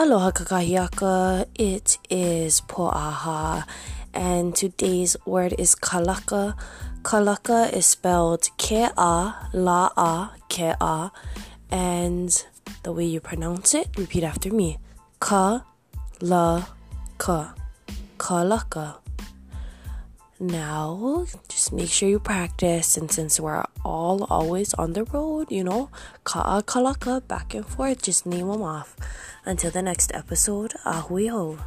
Aloha kakahiaka, it is Po'aha, and today's word is kalaka. Kalaka is spelled ke'a, la'a, K-A, and the way you pronounce it, repeat after me. Ka-la-ka, kalaka now just make sure you practice and since we're all always on the road you know ka'a kalaka back and forth just name them off until the next episode ahui